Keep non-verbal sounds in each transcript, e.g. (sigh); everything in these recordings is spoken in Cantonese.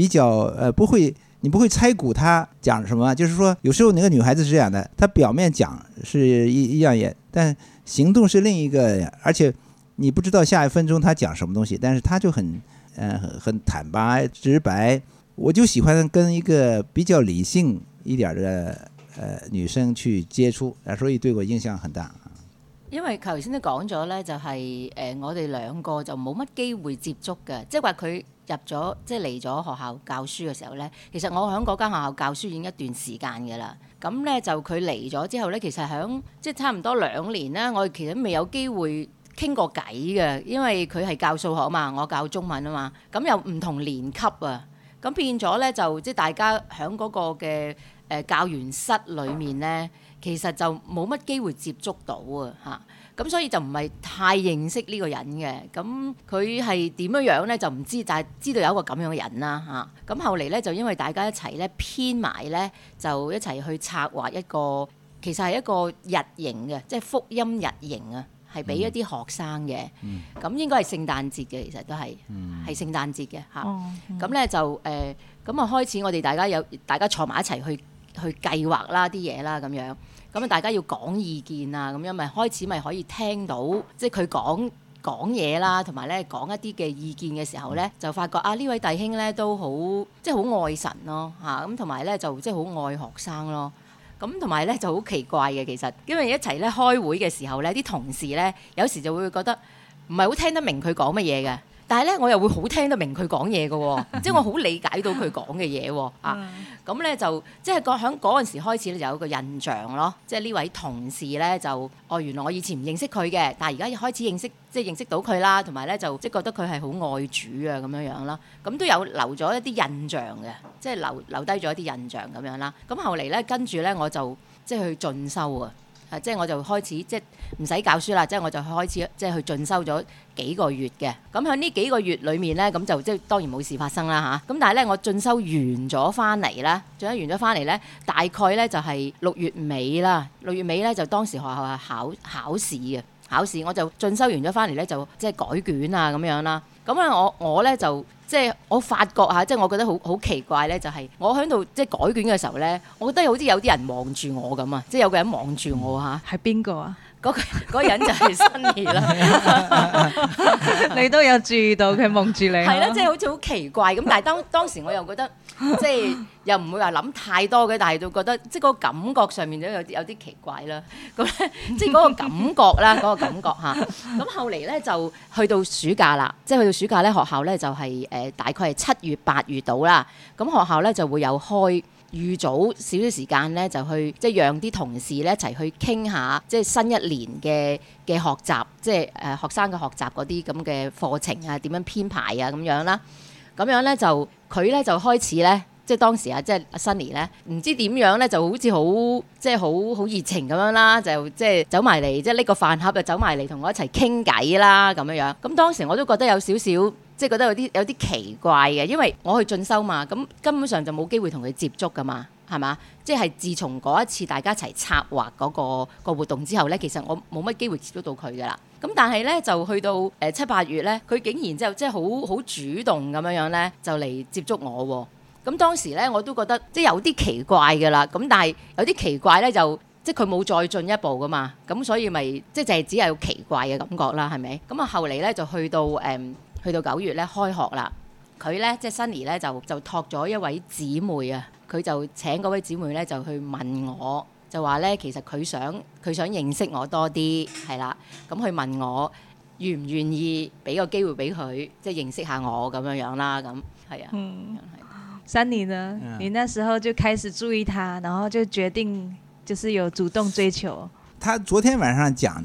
比較呃不會，你不會猜估他講什麼，就是說有時候那個女孩子是這樣的，她表面講是一一樣也，但行動是另一個，而且你不知道下一分鐘她講什麼東西，但是她就很嗯、呃、很，很坦白直白。我就喜歡跟一個比較理性一點的呃女生去接觸，啊，所以對我印象很大。因為頭先你講咗呢，就係誒我哋兩個就冇乜機會接觸嘅，即係話佢。入咗即係嚟咗學校教書嘅時候呢，其實我喺嗰間學校教書已經一段時間㗎喇。咁呢，就佢嚟咗之後呢，其實喺即係差唔多兩年呢，我其實未有機會傾過偈嘅，因為佢係教數學啊嘛，我教中文啊嘛。咁又唔同年級啊，咁變咗呢，就即係大家喺嗰個嘅誒教員室裡面呢，其實就冇乜機會接觸到啊嚇。咁所以就唔係太認識呢個人嘅，咁佢係點樣樣咧就唔知，但係知道有一個咁樣嘅人啦吓，咁、啊、後嚟咧就因為大家一齊咧編埋咧，就一齊去策劃一個，其實係一個日營嘅，即係福音日營啊，係俾一啲學生嘅。咁、嗯嗯、應該係聖誕節嘅，其實都係，係、嗯、聖誕節嘅吓，咁、啊、咧、嗯嗯、就誒，咁、呃、啊開始我哋大家有大家坐埋一齊去去計劃啦啲嘢啦咁樣。咁啊，大家要講意見啊，咁樣咪開始咪可以聽到，即係佢講講嘢啦，同埋咧講一啲嘅意見嘅時候咧，就發覺啊呢位弟兄咧都好，即係好愛神咯嚇，咁同埋咧就即係好愛學生咯，咁同埋咧就好奇怪嘅其實，因為一齊咧開會嘅時候咧，啲同事咧有時就會覺得唔係好聽得明佢講乜嘢嘅。但係咧，我又會好聽得明佢講嘢嘅喎，即係我好理解到佢講嘅嘢喎。 (laughs) 啊，咁咧就即係個響嗰陣時開始咧，就有個印象咯。即係呢位同事咧就，哦，原來我以前唔認識佢嘅，但係而家開始認識，即係認識到佢啦，同埋咧就即係覺得佢係好愛主啊咁樣樣啦。咁都有留咗一啲印象嘅，即係留留低咗一啲印象咁樣啦。咁後嚟咧，跟住咧我就即係去進修啊。啊！即係我就開始，即係唔使教書啦。即係我就開始，即係去進修咗幾個月嘅。咁喺呢幾個月裡面咧，咁就即係當然冇事發生啦嚇。咁、啊、但係咧，我進修完咗翻嚟咧，進修完咗翻嚟咧，大概咧就係、是、六月尾啦。六月尾咧就當時學校係考考試嘅，考試，考試我就進修完咗翻嚟咧就即係改卷啊咁樣啦。咁啊，我我咧就即係我發覺嚇，即係我覺得好好奇怪咧，就係、是、我喺度即係改卷嘅時候咧，我覺得好似有啲人望住我咁啊，即係有個人望住我嚇，係邊個啊？嗰、那個那個人就係 Sunny 啦，你都有注意到佢望住你，啊，係啦，即係好似好奇怪咁，但係當當時我又覺得。即係又唔會話諗太多嘅，但係就覺得即係嗰個感覺上面都有啲有啲奇怪啦。咁咧，即係嗰個感覺啦，嗰個感覺吓。咁 (laughs) 後嚟咧就去到暑假啦，即係去到暑假咧，學校咧就係誒大概係七月八月到啦。咁學校咧就會有開預早少少時間咧，就去即係讓啲同事咧一齊去傾下，即係新一年嘅嘅學習，即係誒學生嘅學習嗰啲咁嘅課程啊，點樣編排啊咁樣啦。咁樣咧就佢咧就開始咧，即係當時啊，即阿 Sunny 咧，唔知點樣咧，就好似好即係好好熱情咁樣啦，就即係走埋嚟，即係拎個飯盒就走埋嚟同我一齊傾偈啦咁樣樣。咁當時我都覺得有少少。即係覺得有啲有啲奇怪嘅，因為我去進修嘛，咁根本上就冇機會同佢接觸噶嘛，係嘛？即係自從嗰一次大家一齊策劃嗰個個活動之後呢，其實我冇乜機會接觸到佢噶啦。咁但係呢，就去到誒七八月呢，佢竟然之後就即係好好主動咁樣樣呢，就嚟接觸我喎、啊。咁當時呢，我都覺得即係有啲奇怪嘅啦。咁但係有啲奇怪呢，就即係佢冇再進一步噶嘛。咁所以咪即係就係、只係、只有奇怪嘅感覺啦，係咪？咁啊後嚟呢，就去到誒。嗯去到九月咧，開學啦。佢咧即係 Sunny 咧就就託咗一位姊妹啊，佢就請嗰位姊妹咧就去問我，就話咧其實佢想佢想認識我多啲，係啦。咁佢問我願唔願意俾個機會俾佢，即係認識下我咁樣樣啦。咁係啊。嗯。係 Sunny 呢？Yeah. 你那時候就開始注意他，然後就決定就是有主動追求。他昨天晚上講。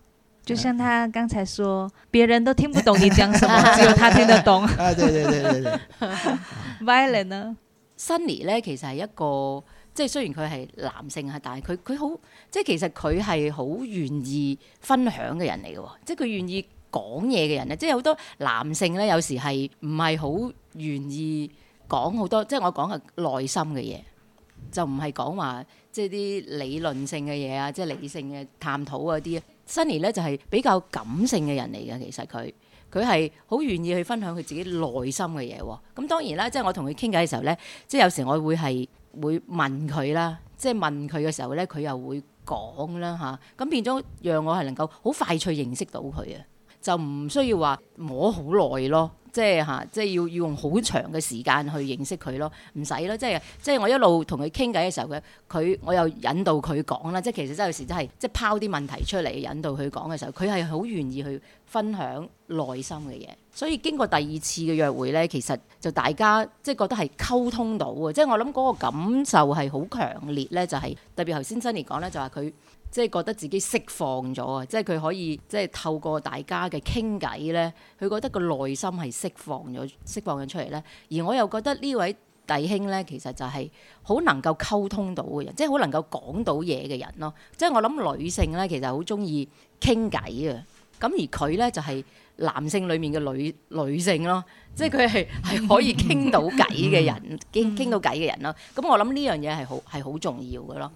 就像他剛才說，別人都聽不懂你講什麼，只有 (laughs) 他聽得懂。啊，對對對對對。Violet 咧 Sunny 咧，其實係一個即係雖然佢係男性啊，但係佢佢好即係其實佢係好願意分享嘅人嚟嘅，即係佢願意講嘢嘅人啊。即係好多男性咧，有時係唔係好願意講好多，即係我講係內心嘅嘢，就唔係講話即係啲理論性嘅嘢啊，即係理性嘅探討嗰啲 Sunny 咧就係比較感性嘅人嚟嘅，其實佢佢係好願意去分享佢自己內心嘅嘢。咁當然啦，即係我同佢傾偈嘅時候咧，即係有時我會係會問佢啦，即係問佢嘅時候咧，佢又會講啦吓，咁變咗讓我係能夠好快脆認識到佢啊，就唔需要話摸好耐咯。即係嚇，即係要要用好長嘅時間去認識佢咯，唔使咯，即係即係我一路同佢傾偈嘅時候嘅佢，我又引導佢講啦。即係其實真係有時真係即係拋啲問題出嚟引導佢講嘅時候，佢係好願意去分享內心嘅嘢。所以經過第二次嘅約會咧，其實就大家即係覺得係溝通到嘅！即係我諗嗰個感受係好強烈咧，就係特別頭先珍妮講咧，就話佢。即係覺得自己釋放咗啊！即係佢可以即係透過大家嘅傾偈咧，佢覺得個內心係釋放咗、釋放咗出嚟咧。而我又覺得呢位弟兄咧，其實就係好能夠溝通到嘅人，即係好能夠講到嘢嘅人咯。即係我諗女性咧，其實好中意傾偈啊。咁而佢咧就係男性裡面嘅女女性咯，即係佢係係可以傾到偈嘅人，傾傾到偈嘅人咯。咁我諗呢樣嘢係好係好重要嘅咯。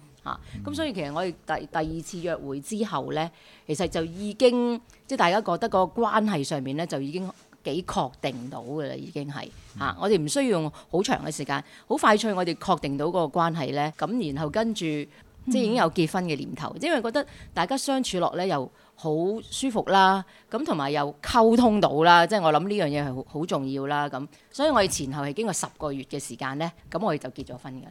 咁、嗯、所以其實我哋第第二次約會之後咧，其實就已經即係大家覺得個關係上面咧，就已經幾確定到㗎啦，已經係、嗯、啊！我哋唔需要用好長嘅時間，好快脆我哋確定到嗰個關係咧，咁然後跟住即係已經有結婚嘅念頭，嗯、因為覺得大家相處落咧又好舒服啦，咁同埋又溝通到啦，即係我諗呢樣嘢係好重要啦。咁所以我哋前後係經過十個月嘅時間咧，咁我哋就結咗婚㗎啦。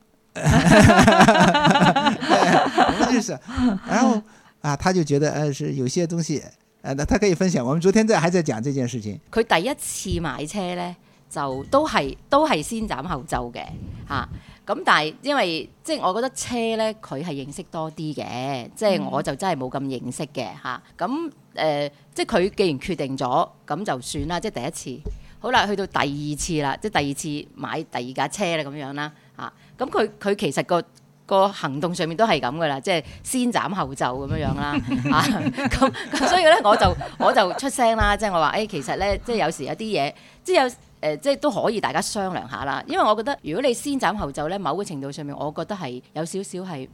就是，然後啊，他就覺得誒，是有些東西誒，那他可以分享。我們昨天在還在講這件事情。佢第一次買車咧，就都係都係先斬後奏嘅吓。咁、啊、但係因為即係我覺得車咧，佢係認識多啲嘅，即係我就真係冇咁認識嘅吓。咁、啊、誒、呃，即係佢既然決定咗，咁就算啦，即係第一次。好啦，去到第二次啦，即係第二次買第二架車啦，咁樣啦。咁佢佢其實個個行動上面都係咁噶啦，即係先斬後奏咁樣樣啦。 (laughs) 啊，咁咁所以咧，我就我就出聲啦，即係我話誒，其實咧，即係有時有啲嘢，即係有誒，即係都可以大家商量下啦。因為我覺得，如果你先斬後奏咧，某個程度上面，我覺得係有少少係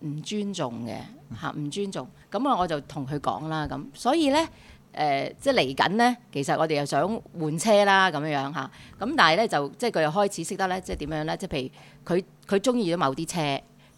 唔尊重嘅嚇，唔尊重。咁啊，我就同佢講啦，咁所以咧，誒，即係嚟緊咧，其實我哋又想換車啦，咁樣樣嚇。咁但係咧，就即係佢又開始識得咧，即係點樣咧？即係譬如。佢佢中意咗某啲車，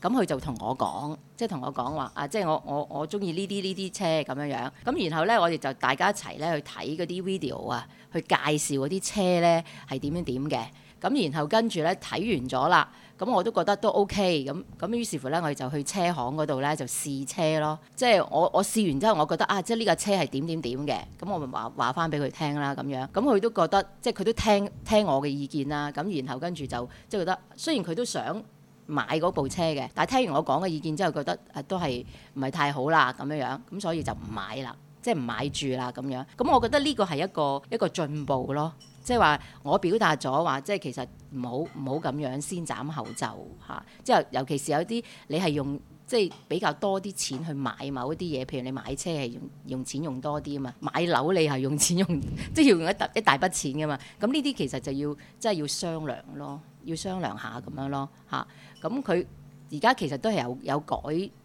咁佢就同我講，即係同我講話啊，即係我我我中意呢啲呢啲車咁樣樣。咁然後呢，我哋就大家一齊呢去睇嗰啲 video 啊，去介紹嗰啲車呢係點樣點嘅。咁然後跟住呢，睇完咗啦。咁我都覺得都 OK 咁咁，於是乎呢，我哋就去車行嗰度呢，就試車咯。即係我我試完之後，我覺得啊，即係呢架車係點點點嘅。咁我咪話話翻俾佢聽啦，咁樣。咁佢都覺得即係佢都聽聽我嘅意見啦。咁然後跟住就即係覺得，雖然佢都想買嗰部車嘅，但係聽完我講嘅意見之後，覺得誒都係唔係太好啦咁樣樣。咁所以就唔買啦，即係唔買住啦咁樣。咁我覺得呢個係一個一個進步咯。即係話我表達咗話，即係其實唔好唔好咁樣先斬後奏吓。即、啊、係尤其是有啲你係用即係比較多啲錢去買某啲嘢，譬如你買車係用用錢用多啲啊嘛，買樓你係用錢用即係要用一大一大筆錢㗎嘛。咁呢啲其實就要即係、就是、要商量咯，要商量下咁樣咯吓。咁佢而家其實都係有有改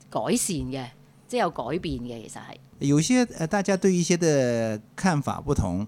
改善嘅，即、就、係、是、有改變嘅，其實係。有些誒，大家對一些的看法不同。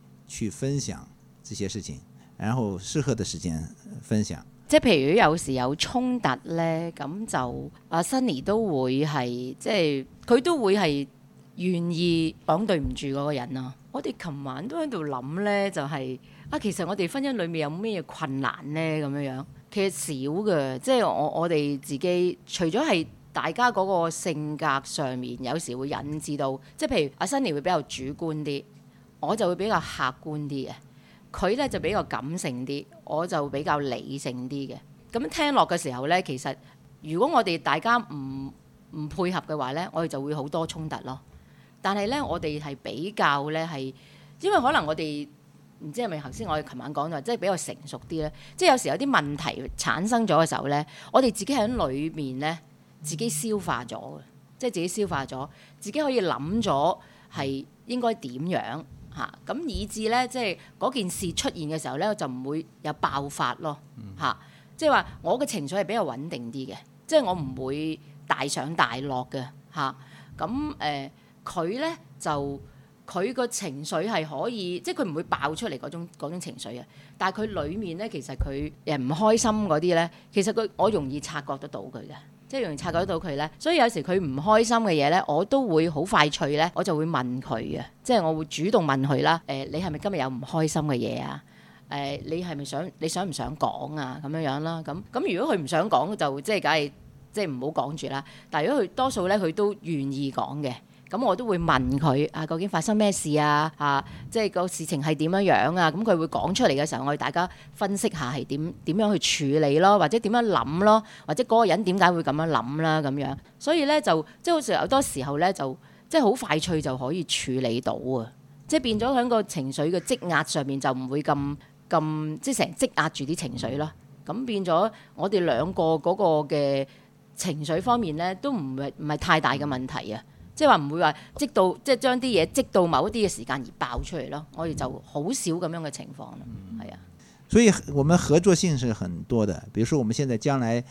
去分享這些事情，然後適合的時間分享。即係譬如有時有衝突呢，咁就阿 Sunny 都會係即係佢都會係願意講對唔住嗰個人咯。我哋琴晚都喺度諗呢，就係、係、啊，其實我哋婚姻裡面有咩困難呢？咁樣樣，其實少嘅。即係我我哋自己，除咗係大家嗰個性格上面，有時會引致到，即係譬如阿 Sunny 會比較主觀啲。我就會比較客觀啲嘅，佢呢就比較感性啲，我就比較理性啲嘅。咁聽落嘅時候呢，其實如果我哋大家唔唔配合嘅話呢，我哋就會好多衝突咯。但係呢，我哋係比較呢，係，因為可能我哋唔知係咪頭先我哋琴晚講咗，即係比較成熟啲呢。即係有時有啲問題產生咗嘅時候呢，我哋自己喺裏面呢，自己消化咗嘅，即係自己消化咗，自己可以諗咗係應該點樣。嚇，咁，那以致咧，即係嗰件事出現嘅時候咧，就唔會有爆發咯嚇。即係話我嘅情緒係比較穩定啲嘅，即係我唔會大上大落嘅嚇。咁誒佢咧就佢個情緒係可以，即係佢唔會爆出嚟嗰種嗰種情緒啊。但係佢裡面咧，其實佢誒唔開心嗰啲咧，其實佢我容易察覺得到佢嘅。即係容易察覺到佢咧，所以有時佢唔開心嘅嘢咧，我都會好快脆咧，我就會問佢嘅，即係我會主動問佢啦。誒、欸，你係咪今日有唔開心嘅嘢啊？誒、欸，你係咪想你想唔想講啊？咁樣樣啦，咁咁如果佢唔想講，就即係梗係即係唔好講住啦。但係如果佢多數咧，佢都願意講嘅。咁我都會問佢啊，究竟發生咩事啊？啊，即係個事情係點樣樣啊？咁佢會講出嚟嘅時候，我哋大家分析下係點點樣去處理咯，或者點樣諗咯，或者嗰個人點解會咁樣諗啦。咁樣所以咧就即係好似好多時候咧，就即係好快脆就可以處理到啊！即係變咗喺個情緒嘅積壓上面就唔會咁咁即係成日積壓住啲情緒咯。咁變咗我哋兩個嗰個嘅情緒方面咧都唔係唔係太大嘅問題啊。即係話唔會話，積到，即係將啲嘢積到某一啲嘅時間而爆出嚟咯。我哋就好少咁樣嘅情況。咯、啊，係啊、嗯。所以我們合作性是很多的，比如說我們現在將來，誒、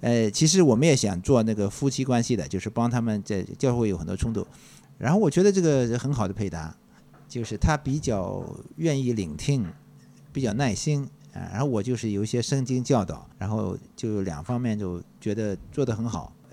呃，其實我們也想做那個夫妻關係的，就是幫他們在教會有很多衝突。然後我覺得這個很好的配搭，就是他比較願意聆聽，比較耐心，啊，然後我就是有一些聖經教導，然後就兩方面就覺得做得很好。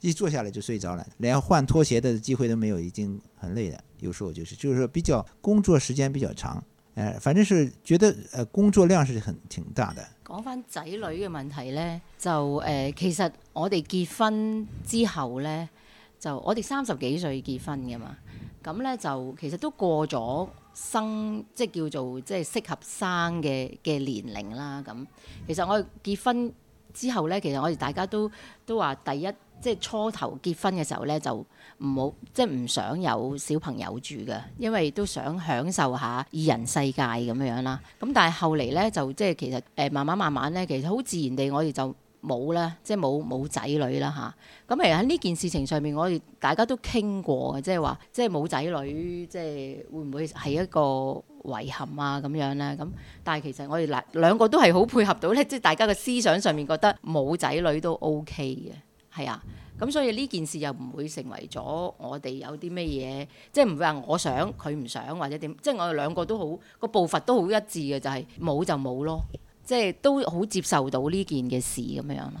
一坐下來就睡着了，連換拖鞋的機會都沒有，已經很累了。有時候就是，就是說比較工作時間比較長，誒、呃，反正是覺得誒、呃、工作量是很挺大的。講返仔女嘅問題呢，就誒、呃、其實我哋結婚之後呢，就我哋三十幾歲結婚㗎嘛，咁呢，就其實都過咗生即係叫做即係適合生嘅嘅年齡啦。咁其實我結婚之後呢，其實我哋大家都都話第一。即係初頭結婚嘅時候咧，就唔好即係唔想有小朋友住嘅，因為都想享受下二人世界咁樣啦。咁但係後嚟咧，就即係其實誒慢慢慢慢咧，其實好自然地我哋就冇啦，即係冇冇仔女啦嚇。咁其實喺呢件事情上面，我哋大家都傾過嘅，即係話即係冇仔女，即係會唔會係一個遺憾啊咁樣咧？咁但係其實我哋嗱兩個都係好配合到咧，即係大家嘅思想上面覺得冇仔女都 OK 嘅。係啊，咁所以呢件事又唔會成為咗我哋有啲咩嘢，即係唔會話我想佢唔想或者點，即係我哋兩個都好，個步伐都好一致嘅，就係冇就冇咯，即係都好接受到呢件嘅事咁樣咯。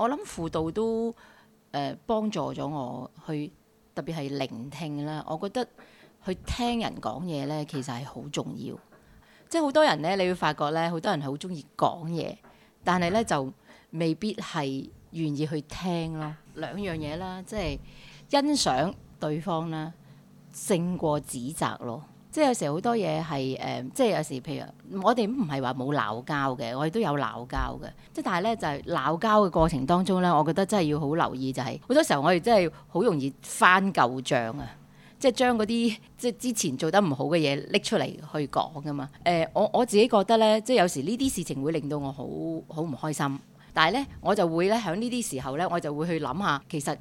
我諗輔導都誒、呃、幫助咗我去，特別係聆聽啦。我覺得去聽人講嘢咧，其實係好重要。即係好多人咧，你會發覺咧，好多人係好中意講嘢，但係咧就未必係願意去聽咯。兩樣嘢啦，即係欣賞對方啦，勝過指責咯。即係有時好多嘢係誒，即係有時譬如我哋唔係話冇鬧交嘅，我哋都有鬧交嘅。即係但係咧，就係鬧交嘅過程當中咧，我覺得真係要好留意、就係，就係好多時候我哋真係好容易翻舊賬啊！即係將嗰啲即係之前做得唔好嘅嘢拎出嚟去講噶嘛。誒、呃，我我自己覺得咧，即係有時呢啲事情會令到我好好唔開心，但係咧我就會咧喺呢啲時候咧，我就會去諗下其實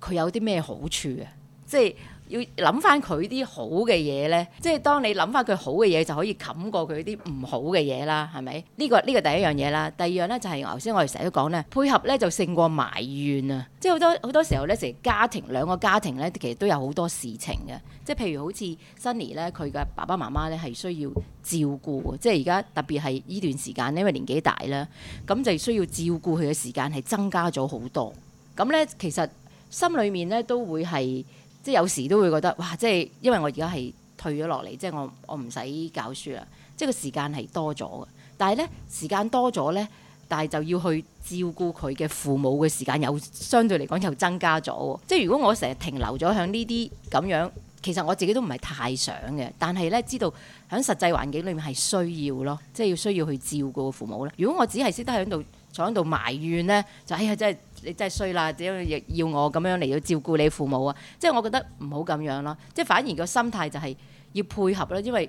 佢有啲咩好處啊！即係。要諗翻佢啲好嘅嘢呢，即係當你諗翻佢好嘅嘢，就可以冚過佢啲唔好嘅嘢啦，係咪？呢個呢個第一樣嘢啦。第二樣呢，就係頭先我哋成日都講呢，配合呢就勝過埋怨啊！即係好多好多時候呢，成家庭兩個家庭呢，其實都有好多事情嘅。即係譬如好似 Sunny 呢，佢嘅爸爸媽媽呢係需要照顧，即係而家特別係呢段時間，因為年紀大啦，咁就需要照顧佢嘅時間係增加咗好多。咁呢，其實心裏面呢都會係。即係有時都會覺得，哇！即係因為我而家係退咗落嚟，即係我我唔使教書啦。即係個時間係多咗嘅，但係呢時間多咗呢，但係就要去照顧佢嘅父母嘅時間又相對嚟講又增加咗喎。即係如果我成日停留咗響呢啲咁樣，其實我自己都唔係太想嘅。但係呢，知道響實際環境裡面係需要咯，即係要需要去照顧父母咯。如果我只係識得響度坐響度埋怨呢，就哎呀真係～你真係衰啦！要要我咁樣嚟要照顧你父母啊？即係我覺得唔好咁樣咯。即係反而個心態就係要配合咯，因為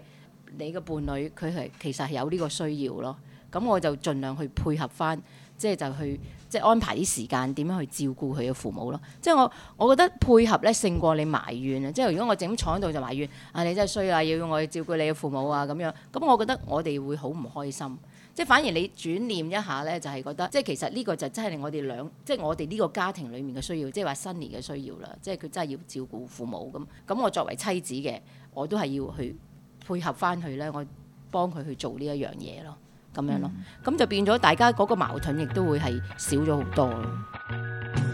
你個伴侶佢係其實係有呢個需要咯。咁我就盡量去配合返，即係就去即係安排啲時間點樣去照顧佢嘅父母咯。即係我我覺得配合咧勝過你埋怨啊！即係如果我整咁坐喺度就埋怨啊，你真係衰啦，要我照顧你嘅父母啊咁樣。咁我覺得我哋會好唔開心。即係反而你轉念一下咧，就係、是、覺得即係、就是、其實呢個就真係令我哋兩，即、就、係、是、我哋呢個家庭裡面嘅需要，即係話 Sunny 嘅需要啦。即係佢真係要照顧父母咁，咁我作為妻子嘅，我都係要去配合翻去咧，我幫佢去做呢一樣嘢咯，咁樣咯，咁、嗯、就變咗大家嗰個矛盾亦都會係少咗好多。